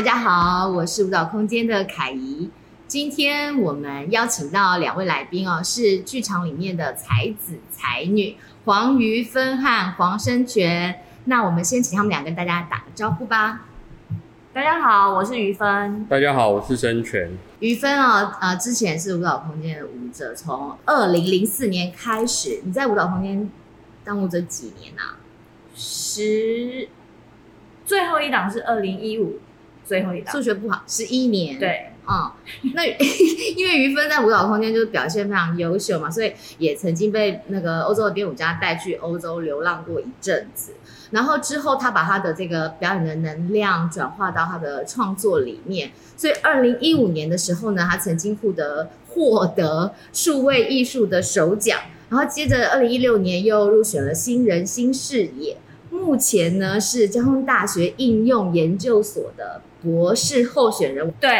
大家好，我是舞蹈空間的凱怡。今天我們邀請到兩位來賓哦，是劇場裡面的才子才女黃於芬和黃申全。那我們先請他們倆跟大家打個招呼吧。大家好，我是於芬。大家好，我是申全。於芬啊，哦，呃，之前是舞蹈空間的舞者，從二零零四年開始，你在舞蹈空間當舞者幾年呢？啊？十，最後一檔是二零一五。最後一段數學不好，十一年對，嗯，那因為於芬在舞蹈空間就表現非常優秀嘛，所以也曾經被那個歐洲的編舞家帶去歐洲流浪過一陣子。然後之後，他把他的這個表演的能量轉化到他的創作裡面。所以二零一五年的時候呢，他曾經獲得獲得數位藝術的首獎。然後接着二零一六年又入選了新人新視野。目前呢是交通大學應用研究所的博士候選人，對，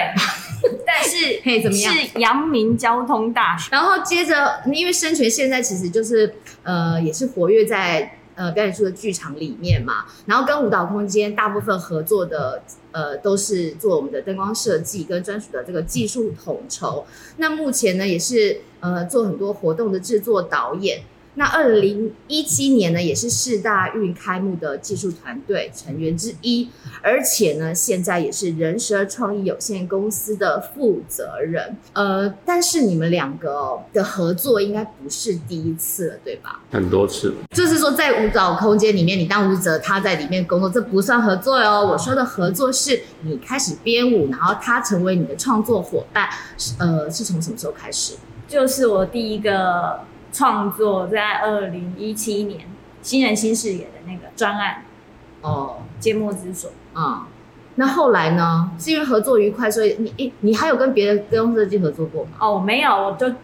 但是可以 是怎麼樣？是陽明交通大學。然後接着，因為申全現在其實就是呃，也是活躍在呃表演出的劇場裡面嘛。然後跟舞蹈空間大部分合作的呃，都是做我們的燈光設計跟專屬的這個技術統籌。嗯、那目前呢，也是呃做很多活動的製作導演。那二零一七年呢，也是世大運開幕的技術團隊成員之一，而且呢，現在也是人設創意有限公司的負責人。呃，但是你們兩個的合作應該不是第一次了，對吧？很多次了。就是說，在舞蹈空間裡面，你當舞者，他在裡面工作，這不算合作哦。我說的合作是，你開始編舞，然後他成為你的創作夥伴。呃，是從什麼時候開始？就是我第一個。創作在二零一七年新人新視野的那個專案哦，緘默之所啊、哦嗯，那後來呢？是因為合作愉快，所以你你還有跟別的跟公司設計合作過嗎？哦，沒有，我就都，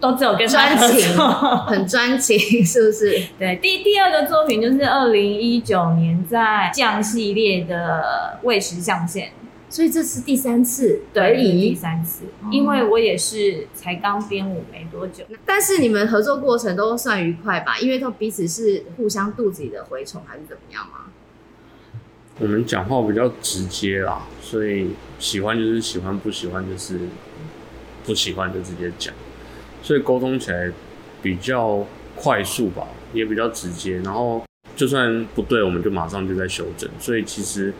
都只有跟他專情，很專情， 是不是？對，第第二個作品就是二零一九年在勥系列的餵食象限。所以這是第三次，對，對第三次，因為我也是才剛編舞沒多久。嗯、但是你們合作過程都算愉快吧？因為都彼此是互相肚子裡的蛔蟲還是怎麼樣嗎？我們講話比較直接啦，所以喜歡就是喜歡，不喜歡就是不喜歡，就直接講，所以溝通起來比較快速吧，也比較直接。然後就算不對，我們就馬上就在修正。所以其實。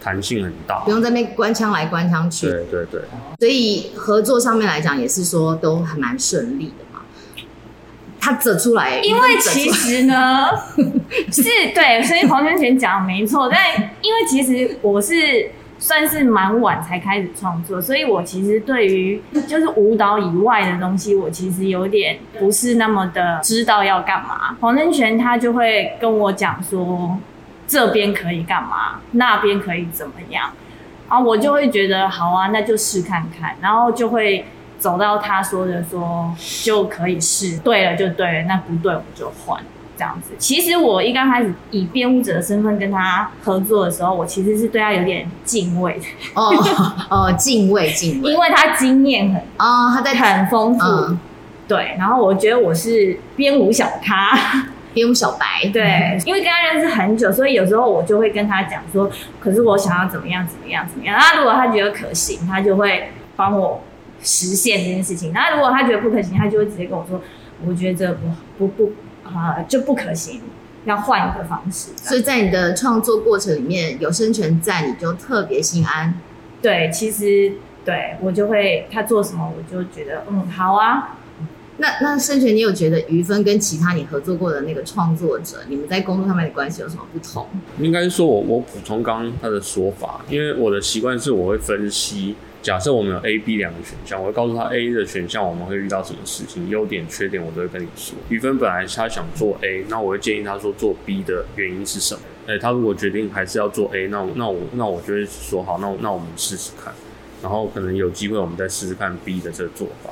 彈性很大，不用在那官腔來官腔去。對對對，所以合作上面來講也是說都還蠻順利的嘛。他走出來，因為其實呢， 是對，所以黃申全講的沒錯。 但因為其實我是算是蠻晚才開始創作，所以我其實對於就是舞蹈以外的東西，我其實有點不是那麼的知道要幹嘛。黃申全他就會跟我講說。這邊可以幹嘛？那邊可以怎麼樣？啊，我就會覺得好啊，那就試看看，然後就會走到他說的說就可以試，對了就對了，那不對我就換，這樣子。其實我一剛開始以編舞者的身份跟他合作的時候，我其實是對他有點敬畏的。哦哦、oh, oh，敬畏敬畏，因為他經驗很啊，oh, 他在很豐富。Oh. 對，然後我覺得我是編舞小咖。比如小白，對，因為跟他認識很久，所以有時候我就會跟他講說，可是我想要怎麼樣，怎麼樣，怎麼樣。那如果他覺得可行，他就會幫我實現這件事情。那如果他覺得不可行，他就會直接跟我說，我覺得不不不啊，就不可行，要換一個方式。所以在你的創作過程裡面，有申全在，你就特別心安。對，其實對我就會他做什麼，我就覺得嗯，好啊。那那申全，你有覺得於芬跟其他你合作過的那個創作者，你們在工作上面的關係有什麼不同？應該說我我補充剛剛他的說法，因為我的習慣是我會分析，假設我們有 A、B 兩個選項，我會告訴他 A 的選項我們會遇到什麼事情，優點缺點我都會跟你說。於芬本來是他想做 A，那我會建議他說做 B 的原因是什麼？哎、欸，他如果決定還是要做 A，那我那我那我就會說好，那那我們試試看，然後可能有機會我們再試試看 B 的這個做法。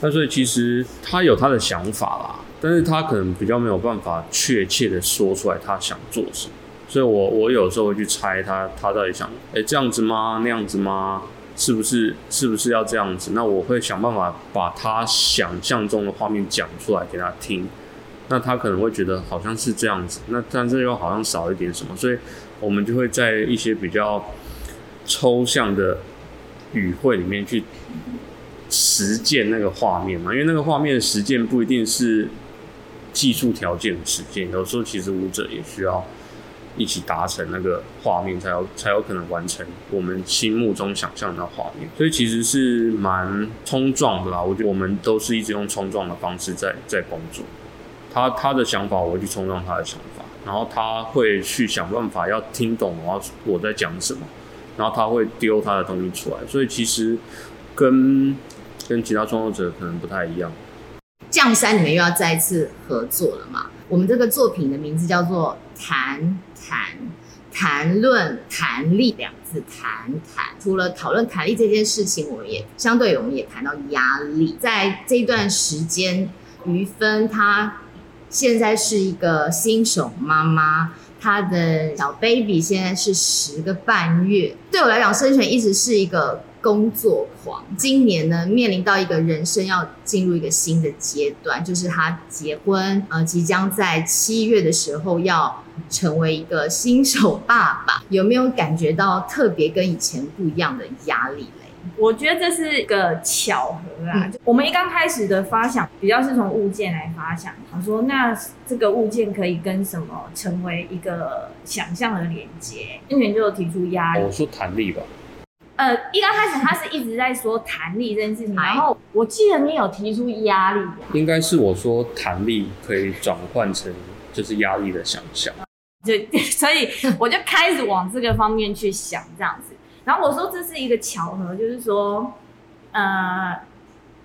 那所以其實他有他的想法啦，但是他可能比較沒有辦法確切的說出來他想做什麼，所以我我有時候會去猜他他到底想，誒、欸、這樣子嗎？那樣子嗎？是不是是不是要這樣子？那我會想辦法把他想象中的畫面講出來給他聽，那他可能會覺得好像是這樣子，那但是又好像少一點什麼，所以我們就會在一些比較抽象的語彙裡面去，實踐那個畫面嘛，因為那個畫面的實踐不一定是技術條件的實踐，有時候其實舞者也需要一起達成那個畫面，才有才有可能完成我們心目中想象的畫面。所以其實是蠻衝撞的啦。我覺得我們都是一直用衝撞的方式在在工作。他他的想法，我會去衝撞他的想法，然後他會去想辦法要聽懂我要我在講什麼，然後他會丟他的東西出來。所以其實。跟跟其他創作者可能不太一樣。勥3，你們又要再一次合作了嘛？我們這個作品的名字叫做“談彈談論彈力”，兩字“談彈”。除了討論彈力這件事情，我們也相對於，我們也談到壓力。在這段時間，於芬她現在是一個新手媽媽，她的小 baby 現在是十個半月。對我來講，申全一直是一個。工作狂，今年呢，面臨到一個人生要進入一個新的階段，就是他結婚，呃，即將在七月的時候要成為一個新手爸爸，有沒有感覺到特別跟以前不一樣的壓力呢？我覺得這是一個巧合啦、啊。嗯、我們一剛開始的發想比較是從物件來發想，他說那這個物件可以跟什麼成為一個想象的連接，那年就提出壓力，哦、我說彈力吧。呃，一剛開始他是一直在說彈力這件事情，然後我記得你有提出壓力，應該是我說彈力可以轉換成就是壓力的想象，對，所以我就開始往這個方面去想這樣子，然後我說這是一個巧合，就是說，呃，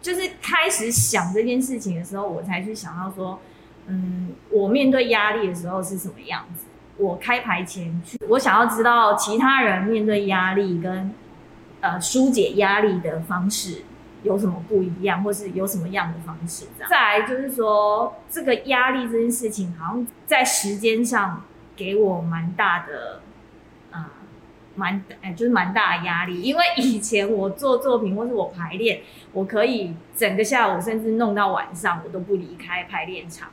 就是開始想這件事情的時候，我才去想到說，嗯，我面對壓力的時候是什麼樣子，我開牌前去，我想要知道其他人面對壓力跟。呃，紓解壓力的方式有什麼不一樣，或是有什麼樣的方式？這樣，再來就是說，這個壓力這件事情，好像在時間上給我蠻大的，呃，蠻、欸，就是蠻大的壓力。因為以前我做作品或是我排練，我可以整個下午甚至弄到晚上，我都不離開排練場。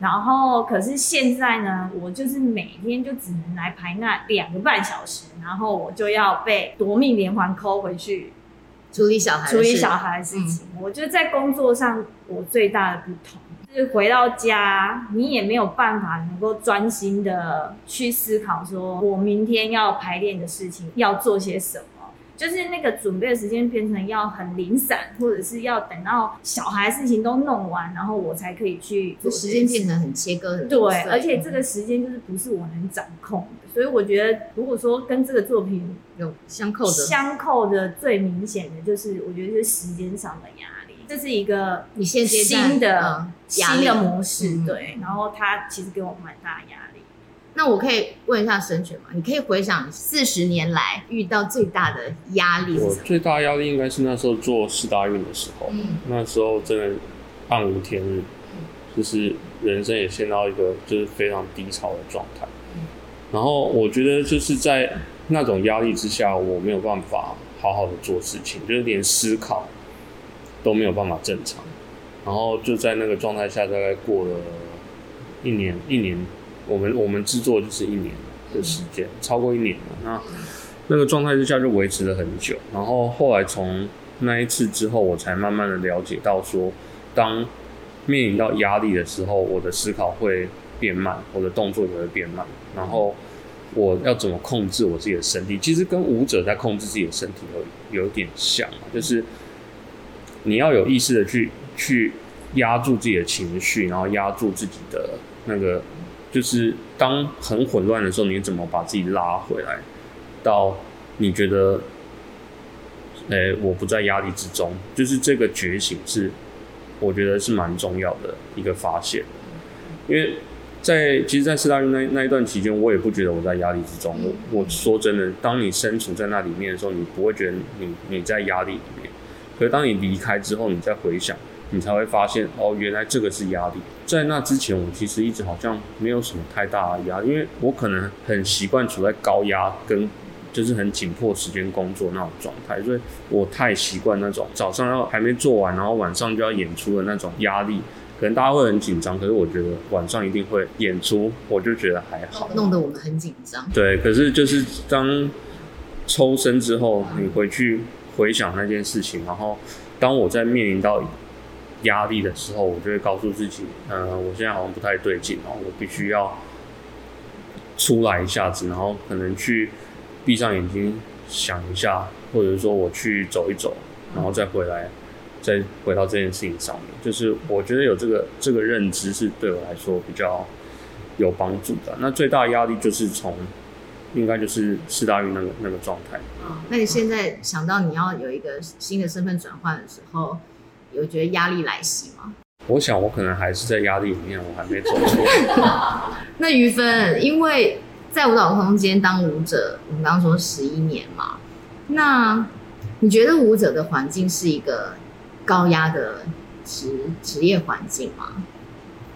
然後，可是現在呢，我就是每天就只能來排那兩個半小時，然後我就要被奪命連環扣回去處理小孩的事，處理小孩的事情。嗯、我覺得在工作上，我最大的不同、就是回到家，你也沒有辦法能夠專心的去思考說，說我明天要排練的事情要做些什麼。就是那個準備的時間變成要很零散，或者是要等到小孩事情都弄完，然後我才可以去做，就時間變成很切割。對，所以而且這個時間就是不是我能掌控的，所以我覺得如果說跟這個作品有相扣的，相扣的最明顯的就是我覺得是時間上的壓力，這是一個你現階段的新的新的、嗯、模式，對，然後它其實給我蠻大的壓力。那我可以問一下申全嗎？你可以回想四十年來遇到最大的壓力是什麼？我最大的壓力應該是那時候做世大運的時候，嗯、那時候真的暗無天日，就是人生也陷到一個就是非常低潮的狀態。嗯、然後我覺得就是在那種壓力之下，我沒有辦法好好的做事情，就是連思考都沒有辦法正常。然後就在那個狀態下，大概過了一年一年。我們我們製作就是一年的時間，超過一年了。那那個狀態之下就維持了很久。然後後來從那一次之後，我才慢慢的了解到說，當面臨到壓力的時候，我的思考會變慢，我的動作也會變慢。然後我要怎麼控制我自己的身體？其實跟舞者在控制自己的身體有有點像，就是你要有意識的去去壓住自己的情緒，然後壓住自己的那個。就是當很混亂的時候，你怎麼把自己拉回來？到你覺得，誒、欸、我不在壓力之中，就是這個覺醒是，我覺得是蠻重要的一個發現。因為在其實在，在世大運那那段期間，我也不覺得我在壓力之中。我我說真的，當你身處在那裡面的時候，你不會覺得你你在壓力裡面。可是當你離開之後，你再回想。你才會發現哦，原來這個是壓力。在那之前，我其實一直好像沒有什麼太大的壓力，因為我可能很習慣處在高壓跟就是很緊迫時間工作那種狀態，所以我太習慣那種早上要還沒做完，然後晚上就要演出的那種壓力。可能大家會很緊張，可是我覺得晚上一定會演出，我就覺得還好。弄得我們很緊張。對，可是就是當抽身之後，你回去回想那件事情，然後當我在面臨到。壓力的時候，我就會告訴自己，呃，我現在好像不太對勁，然後我必須要出來一下子，然後可能去閉上眼睛想一下，或者是說我去走一走，然後再回來，嗯、再回到這件事情上面。就是我覺得有這個這個認知是對我來說比較有幫助的。那最大壓力就是從應該就是世大運那個那個狀態，嗯。那你現在想到你要有一個新的身份轉換的時候，有覺得壓力來襲嗎？我想我可能還是在壓力裡面，我還沒走出。 那於芬，因為在舞蹈空間當舞者，我們剛說十一年嘛，那你覺得舞者的環境是一個高壓的職職業環境嗎？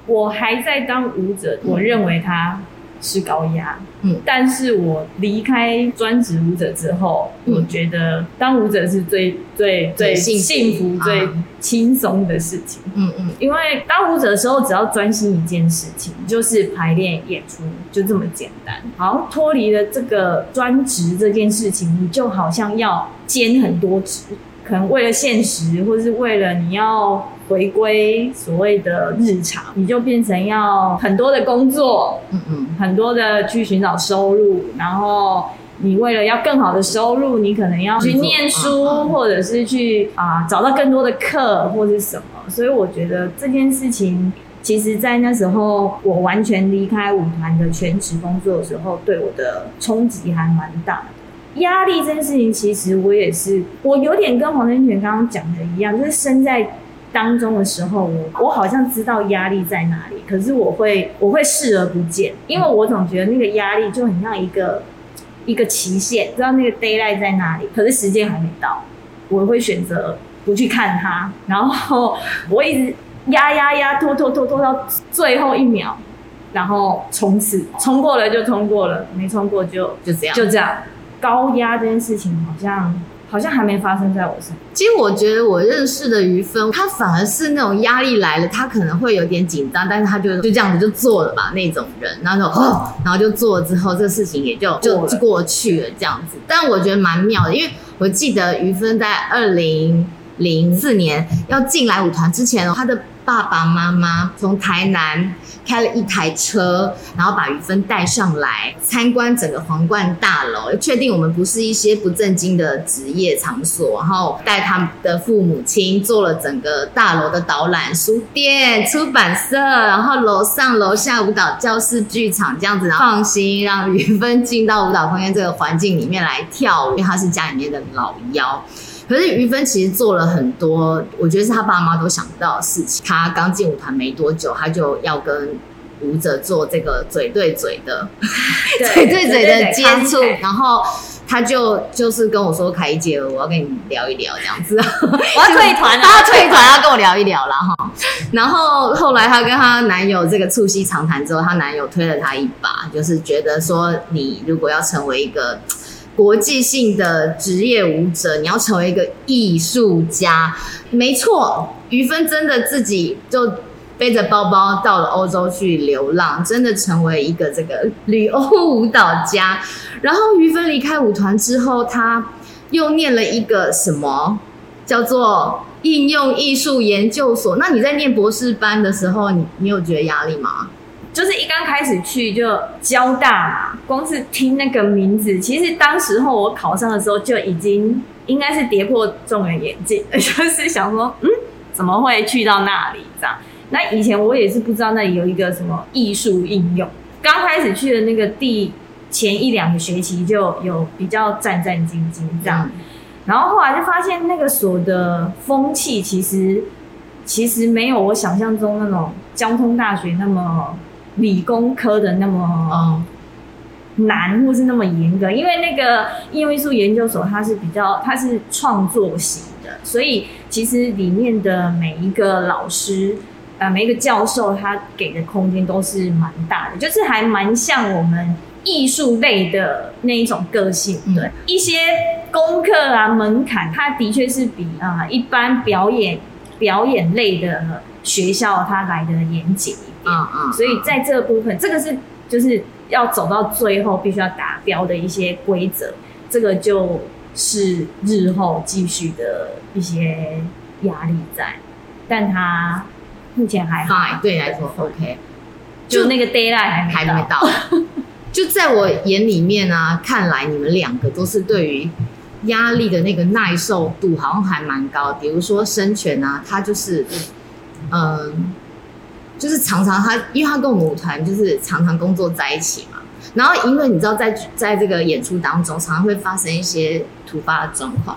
我還在當舞者，我認為他、嗯。是高壓，嗯，但是我離開專職舞者之後，嗯、我覺得當舞者是最最最幸福、最輕鬆、啊、的事情，嗯嗯，因為當舞者的時候，只要專心一件事情，就是排練、演出，就這麼簡單。然後脫離了這個專職這件事情，你就好像要兼很多職，可能為了現實，或是為了你要。回歸所謂的日常，你就變成要很多的工作，嗯嗯，很多的去尋找收入，然後你為了要更好的收入，你可能要去念書，或者是去啊找到更多的課，或者是什麼。所以我覺得這件事情，其實在那時候我完全離開舞團的全職工作的時候，對我的衝擊還蠻大。壓力這件事情，其實我也是，我有點跟黃申全剛剛講的一樣，就是身在。當中的時候我，我我好像知道壓力在哪裡，可是我會我會視而不見，因為我總覺得那個壓力就很像一個一個期限，知道那個 deadline 在哪裡，可是時間還沒到，我會選擇不去看它，然後我一直壓壓壓，拖拖拖拖到最後一秒，然後衝刺，衝過了就衝過了，沒衝過就就這樣，就這樣，這樣高壓這件事情好像。好像還沒發生在我身上。其實我覺得我認識的於芬，她反而是那種壓力來了，她可能會有點緊張，但是她就就這樣子就做了吧那種人，然後就然後就做了之後，這個事情也就就過去了這樣子。但我覺得蠻妙的，因為我記得於芬在二零零四年要進來舞團之前喔，她的。爸爸媽媽從台南開了一台車，然後把於芬帶上來參觀整個皇冠大樓，確定我們不是一些不正經的職業場所，然後帶他們的父母親做了整個大樓的導覽，書店、出版社，然後樓上樓下舞蹈教室、劇場這樣子，然後放心讓於芬進到舞蹈空間這個環境裡面來跳舞，因為他是家裡面的老幺。可是於芬其實做了很多，嗯、我覺得是他爸媽都想不到的事情。他剛進舞團沒多久，他就要跟舞者做這個嘴對嘴的，對嘴對嘴的接觸。對對對對，然後他就就是跟我說：“凱怡姐，我要跟你聊一聊，這樣子，我要退團。”一團要團，他要退團，要跟我聊一聊了哈。然後後來他跟他男友這個促膝長談之後，她男友推了他一把，就是覺得說：“你如果要成為一個……”國際性的職業舞者，你要成為一個藝術家，沒錯。於芬真的自己就背着包包到了歐洲去流浪，真的成為一個這個旅歐舞蹈家。然後於芬離開舞團之後，她又念了一個什麼，叫做應用藝術研究所。那你在念博士班的時候，你你有覺得壓力嗎？就是一剛開始去就交大嘛，光是聽那個名字，其實當時候我考上的時候就已經應該是跌破眾人眼鏡，就是想說，嗯，怎麼會去到那裡這樣？那以前我也是不知道那裡有一個什麼藝術應用，剛開始去的那個第前一兩個學期就有比較戰戰兢兢這樣，然後後來就發現那個所的風氣其實其實沒有我想象中那種交通大學那麼。理工科的那麼難，或是那麼嚴格，因為那個藝術研究所它是比較，它是創作型的，所以其實裡面的每一個老師啊，每一個教授，他給的空間都是蠻大的，就是還蠻像我們藝術類的那一種個性。對，一些功課啊，門檻，它的確是比啊一般表演表演類的學校它來的嚴謹。嗯嗯，所以在這個部分，嗯嗯、這個是就是要走到最後必須要達標的一些規則，這個就是日後繼續的一些壓力在，但他目前還好，對你來、嗯、分說 OK，就那個 deadline 還沒到，就在我眼裡面啊， 看來你們兩個都是對於壓力的那個耐受度好像還蠻高，比如說申全啊，他就是嗯。呃就是常常他，因為他跟我們舞團就是常常工作在一起嘛。然後因為你知道在、在在這個演出當中，常常會發生一些突發的狀況嘛。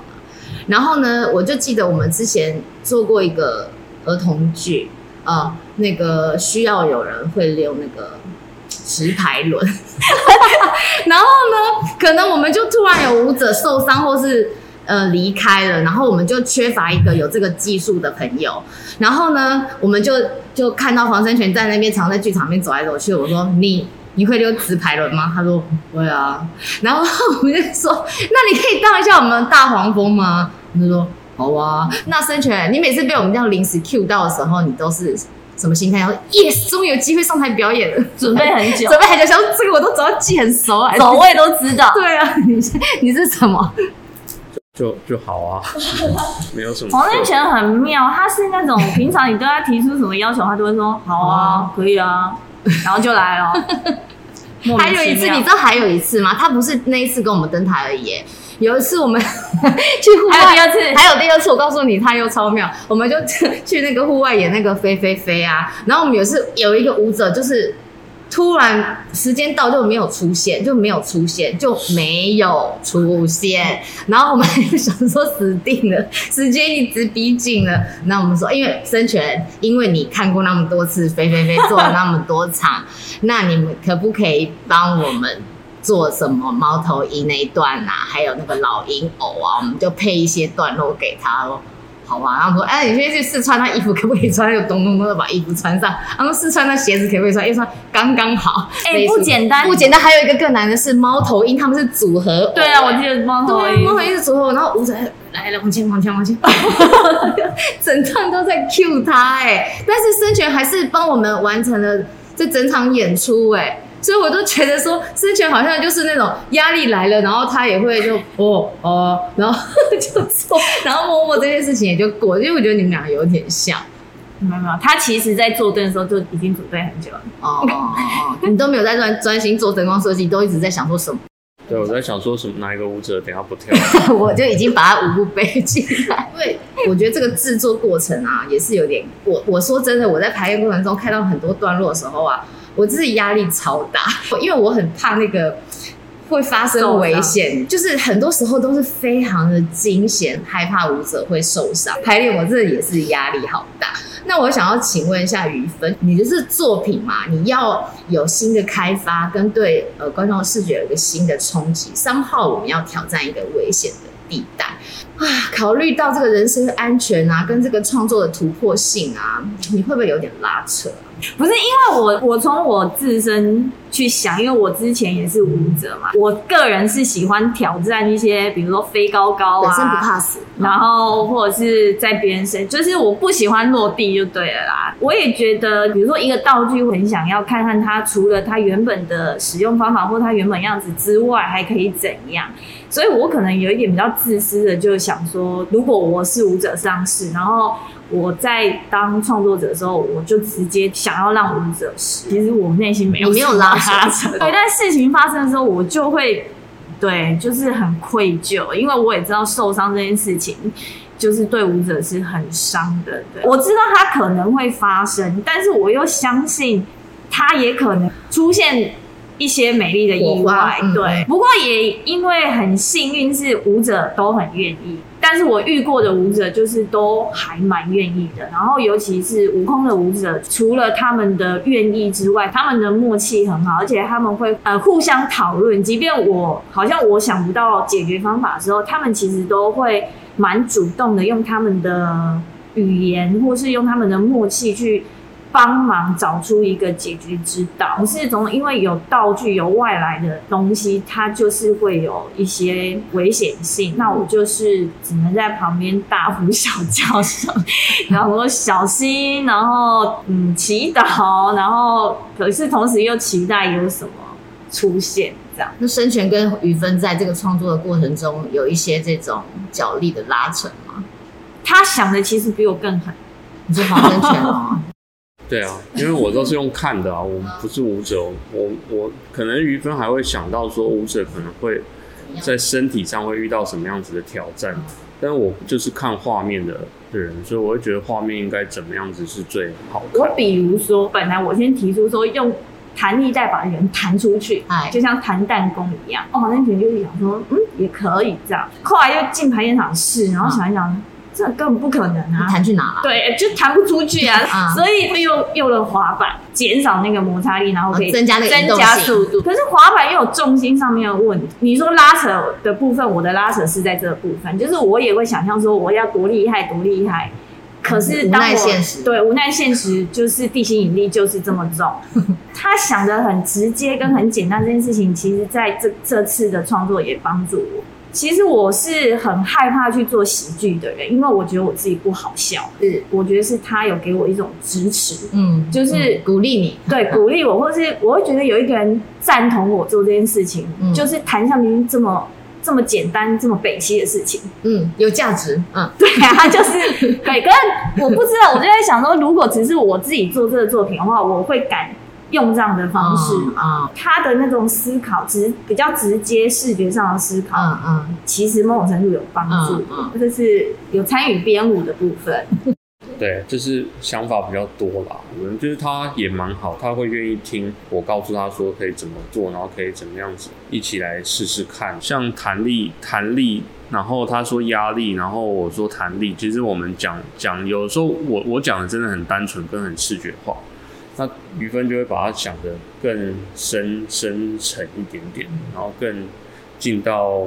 然後呢，我就記得我們之前做過一個兒童劇，啊、呃，那個需要有人會溜那個直排輪， 然後呢，可能我們就突然有舞者受傷或是。呃，離開了，然後我們就缺乏一個有這個技術的朋友，然後呢，我們就就看到黃申全在那邊常，常在劇場面走來走去。我說，你你會溜直排輪嗎？他說不會啊。然後我們就說，那你可以當一下我們的大黃蜂嗎？他說好啊。嗯，那申全，你每次被我們這樣臨時 Q 到的時候，你都是什麼心態？我說耶，Yes，終於有機會上台表演了，準備很久，準備很久，像這個我都早記很熟，走位都知道。對啊，你你是什麼？就就好啊， 沒有什麼事。黃申全很妙，他是那種平常你對他提出什麼要求，他就會說好啊， 可以啊，然後就來了。 還有一次，你知道還有一次嗎？他不是那一次跟我們登台而已。有一次我們 去戶外，還有第二次，還有第二次，我告訴你，他又超妙。我們就 去那個戶外演那個飛飛飛飛啊，然後我們有一次有一個舞者就是。突然時間到就沒有出現，就沒有出現，就沒有出現。然後我們還想說死定了，時間一直逼近了。那我們說，因為申全，因為你看過那麼多次飛飛飛，做了那麼多場， 那你們可不可以幫我們做什麼貓頭鷹那一段啊？還有那個老鷹偶啊？我們就配一些段落給他嘍。好吧、啊，然後說，哎、啊，你先去試穿他衣服，可不可以穿？又咚咚咚的把衣服穿上。然後試穿他鞋子，可不可以穿？又穿，剛剛好。哎、欸，不簡單，不簡單。還有一個更難的是貓頭鷹，他們是組合。對啊，我記得貓頭鷹、啊，貓頭鷹是組合。然後五彩，來了，往前，往前，往前， 整串都在 Q 他哎，但是申全還是幫我們完成了這整場演出哎。所以我都覺得說，申全好像就是那種壓力來了，然後他也會就哦哦，然後呵呵就做，然後默默這件事情也就過。因為我覺得你們倆有點像。明白嗎？沒有沒有，他其實在做燈的時候就已經準備很久了。哦哦哦，你都沒有在專專心做燈光設計，都一直在想說什麼？對，我在想說什麼，哪一個舞者等下不跳、啊？ 我就已經把他舞步背進來。因為我覺得這個製作過程啊，也是有點，我我說真的，我在排練過程中看到很多段落的時候啊。我自己壓力超大，因為我很怕那個會發生危險，就是很多時候都是非常的驚險，害怕舞者會受傷。排練我這也是壓力好大。那我想要請問一下於芬，你就是作品嘛，你要有新的開發跟對呃觀眾視覺有一個新的衝擊。三號我們要挑戰一個危險的地帶啊，考慮到這個人身安全啊，跟這個創作的突破性啊，你會不會有點拉扯？不是因為我，我從我自身，去想，因為我之前也是舞者嘛，我個人是喜歡挑戰一些，比如說飛高高啊，本身不怕死，哦。然後或者是在別人身，就是我不喜歡落地就對了啦。我也覺得，比如說一個道具，我很想要看看它除了它原本的使用方法或它原本樣子之外，還可以怎樣。所以我可能有一點比較自私的，就是想說，如果我是舞者上市，然後我在當創作者的時候，我就直接想要讓舞者死。其實我內心沒有沒有啦。對，在事情發生的時候，我就會對，就是很愧疚，因為我也知道受傷這件事情，就是對舞者是很傷的，對。我知道他可能會發生，但是我又相信他也可能出現，一些美麗的意外，嗯、對。不過也因為很幸運，是舞者都很願意，但是我遇過的舞者就是都還蠻願意的，然後尤其是舞空的舞者，除了他們的願意之外，他們的默契很好，而且他們會呃互相討論。即便我好像我想不到解決方法的時候，他們其實都會蠻主動的，用他們的語言或是用他們的默契去，幫忙找出一個解決之道，是從因為有道具、有外來的東西，它就是會有一些危險性。那我就是只能在旁邊大呼小叫聲，然後小心，然後嗯祈禱，然後可是同時又期待有什麼出現這樣。那申全跟於芬在這個創作的過程中有一些這種角力的拉扯嗎？他想的其實比我更狠，你說黃申全哦。 對啊，因為我都是用看的啊，我們不是舞者，我我可能於芬還會想到說舞者可能會在身體上會遇到什麼樣子的挑戰，但我就是看畫面的人，所以我會覺得畫面應該怎麼樣子是最好的。我比如說，本來我先提出說用彈力帶把人彈出去，哎，就像彈彈弓一樣。哦，黃申全就是想說，嗯，也可以這樣。後來又進排演場試，然後想一想。嗯這根本不可能啊！彈去哪了？啊？對，就彈不出去啊，嗯、所以用用了滑板減少那個摩擦力，然後可以增加那個、哦、增，增加速度。可是滑板又有重心上面的問題。你說拉扯的部分，我的拉扯是在這個部分，就是我也會想象說我要多厲害，多厲害。可是當我對、嗯、無奈現實，現實就是地心引力就是這麼重。 他想的很直接跟很簡單，這件事情其實在這這次的創作也幫助我。其實我是很害怕去做喜劇的人，因為我覺得我自己不好笑。是，我覺得是他有給我一種支持，嗯，就是、嗯、鼓勵你，對，鼓勵我，或者是我會覺得有一個人贊同我做這件事情，嗯、就是談像您這麼這麼簡單、這麼北西的事情，嗯，有價值，嗯，對啊，就是對。可是我不知道，我就在想說，如果只是我自己做這個作品的話，我會敢。用這樣的方式，嗯嗯、他的那種思考，其實比較直接，視覺上的思考，嗯嗯、其實某種程度有幫助，嗯嗯、就是有參與編舞的部分。對，就是想法比較多啦。我覺得他也蠻好，他會願意聽我告訴他說可以怎麼做，然後可以怎麼樣子一起來試試看。像彈力，彈力，然後他說壓力，然後我說彈力。其實我們講講，有時候我我講的真的很單純跟很視覺化。那於芬就會把它想得更深、深沉一點點，然後更進到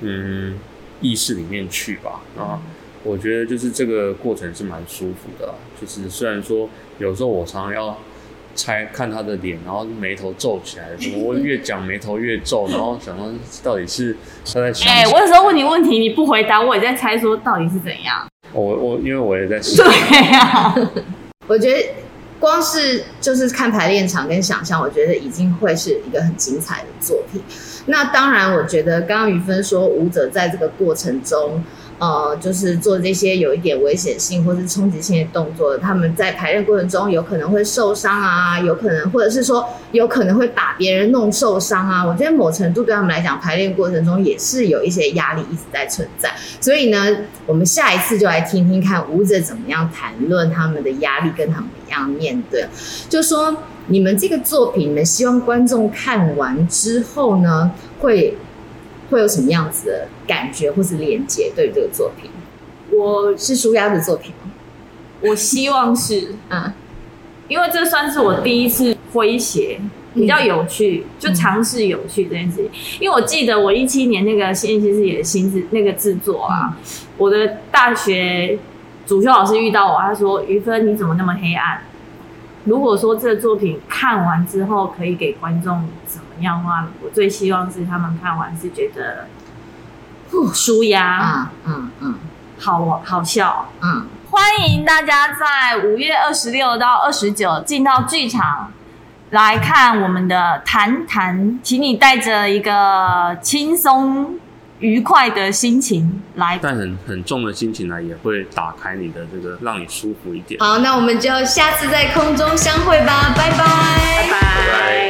嗯意識裡面去吧。啊，我覺得就是這個過程是蠻舒服的。就是雖然說有時候我常常要猜看他的臉，然後眉頭皺起來的時候，我越講眉頭越皺，然後想到到底是他在想。哎、欸，我有時候問你問題，你不回答，我也在猜，說到底是怎樣。我我因為我也在猜。對呀，我覺得。光是就是看排練場跟想象，我覺得已經會是一個很精彩的作品。那當然，我覺得剛剛於芬說，舞者在這個過程中，呃，就是做這些有一點危險性或是衝擊性的動作的，他們在排練過程中有可能會受傷啊，有可能或者是說有可能會把別人弄受傷啊。我覺得某程度對他們來講，排練過程中也是有一些壓力一直在存在。所以呢，我們下一次就來聽聽看舞者怎麼樣談論他們的壓力跟他們。樣面對，就是說，你們這個作品，你們希望觀眾看完之後呢，會會有什麼樣子的感覺，或是連接對於這個作品？我是舒壓的作品？我希望是，嗯， 因為這算是我第一次詼諧，嗯、比較有趣，嗯、就嘗試有趣這件事情。嗯、因為我記得我一七年那個新《其實也是新奇世界》新制那個制作啊，嗯、我的大學。主修老師遇到我，他說：“於芬，你怎麼那麼黑暗？”如果說這個作品看完之後可以給觀眾怎麼樣的話，我最希望是他們看完是覺得呼舒壓壓、嗯，嗯嗯，好好笑，嗯。歡迎大家在五月二十六到二十九進到劇場來看我們的談彈，請你帶着一個輕鬆。愉快的心情來，帶很很重的心情來，也會打開你的這個，讓你舒服一點。好，那我們就下次在空中相會吧，拜拜，拜拜。拜拜。